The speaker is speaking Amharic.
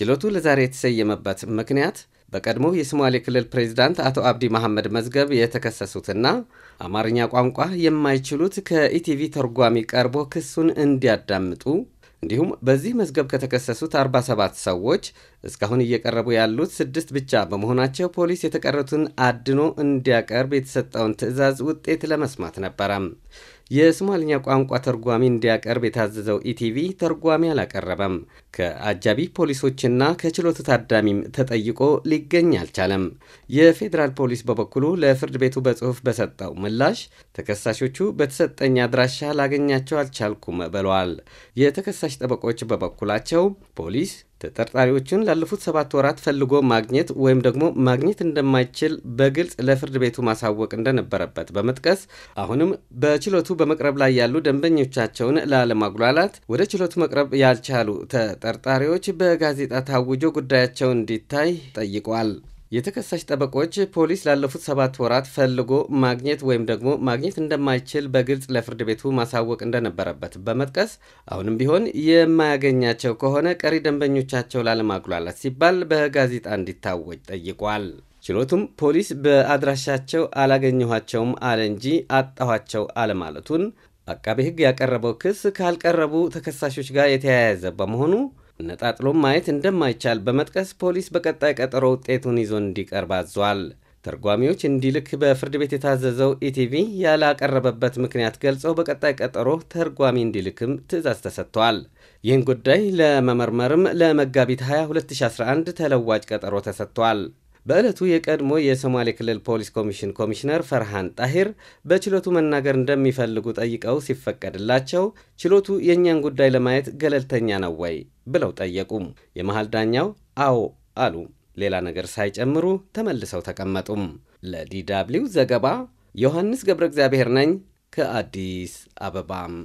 ችሎቱ ለዛሬ የተሰየመበት ምክንያት በቀድሞ የሶማሌ ክልል ፕሬዚዳንት አቶ አብዲ መሐመድ መዝገብ የተከሰሱትና አማርኛ ቋንቋ የማይችሉት ከኢቲቪ ተርጓሚ ቀርቦ ክሱን እንዲያዳምጡ እንዲሁም በዚህ መዝገብ ከተከሰሱት 47 ሰዎች እስካሁን እየቀረቡ ያሉት ስድስት ብቻ በመሆናቸው ፖሊስ የተቀረቱን አድኖ እንዲያቀርብ የተሰጠውን ትዕዛዝ ውጤት ለመስማት ነበረም። የሶማልኛ ቋንቋ ተርጓሚ እንዲያቀርብ የታዘዘው ኢቲቪ ተርጓሚ አላቀረበም። ከአጃቢ ፖሊሶችና ከችሎቱ ታዳሚም ተጠይቆ ሊገኝ አልቻለም። የፌዴራል ፖሊስ በበኩሉ ለፍርድ ቤቱ በጽሑፍ በሰጠው ምላሽ ተከሳሾቹ በተሰጠኝ አድራሻ ላገኛቸው አልቻልኩም ብለዋል። የተከሳሽ ጠበቆች በበኩላቸው ፖሊስ ተጠርጣሪዎቹን ላለፉት ሰባት ወራት ፈልጎ ማግኘት ወይም ደግሞ ማግኘት እንደማይችል በግልጽ ለፍርድ ቤቱ ማሳወቅ እንደነበረበት በመጥቀስ አሁንም በችሎቱ በመቅረብ ላይ ያሉ ደንበኞቻቸውን ላለማጉላላት ወደ ችሎቱ መቅረብ ያልቻሉ ተጠርጣሪዎች በጋዜጣ ታውጆ ጉዳያቸውን እንዲታይ ጠይቋል። የተከሳሽ ጠበቆች ፖሊስ ላለፉት ሰባት ወራት ፈልጎ ማግኘት ወይም ደግሞ ማግኘት እንደማይችል በግልጽ ለፍርድ ቤቱ ማሳወቅ እንደነበረበት በመጥቀስ አሁንም ቢሆን የማያገኛቸው ከሆነ ቀሪ ደንበኞቻቸው ላለማጉላላት ሲባል በጋዜጣ እንዲታወጅ ጠይቋል። ችሎቱም ፖሊስ በአድራሻቸው አላገኘኋቸውም አለ እንጂ አጣኋቸው አለማለቱን አቃቤ ሕግ ያቀረበው ክስ ካልቀረቡ ተከሳሾች ጋር የተያያዘ በመሆኑ ነጣጥሎም ማየት እንደማይቻል በመጥቀስ ፖሊስ በቀጣይ ቀጠሮ ውጤቱን ይዞ እንዲቀርብ አዟል። ተርጓሚዎች እንዲልክ በፍርድ ቤት የታዘዘው ኢቲቪ ያላቀረበበት ምክንያት ገልጸው በቀጣይ ቀጠሮ ተርጓሚ እንዲልክም ትዕዛዝ ተሰጥቷል። ይህን ጉዳይ ለመመርመርም ለመጋቢት 20 2011 ተለዋጭ ቀጠሮ ተሰጥቷል። በዕለቱ የቀድሞ የሶማሌ ክልል ፖሊስ ኮሚሽን ኮሚሽነር ፈርሃን ጣሂር በችሎቱ መናገር እንደሚፈልጉ ጠይቀው ሲፈቀድላቸው ችሎቱ የእኛን ጉዳይ ለማየት ገለልተኛ ነው ወይ ብለው ጠየቁም። የመሃል ዳኛው አዎ አሉ። ሌላ ነገር ሳይጨምሩ ተመልሰው ተቀመጡም። ለዲ ደብልዩ ዘገባ ዮሐንስ ገብረ እግዚአብሔር ነኝ ከአዲስ አበባም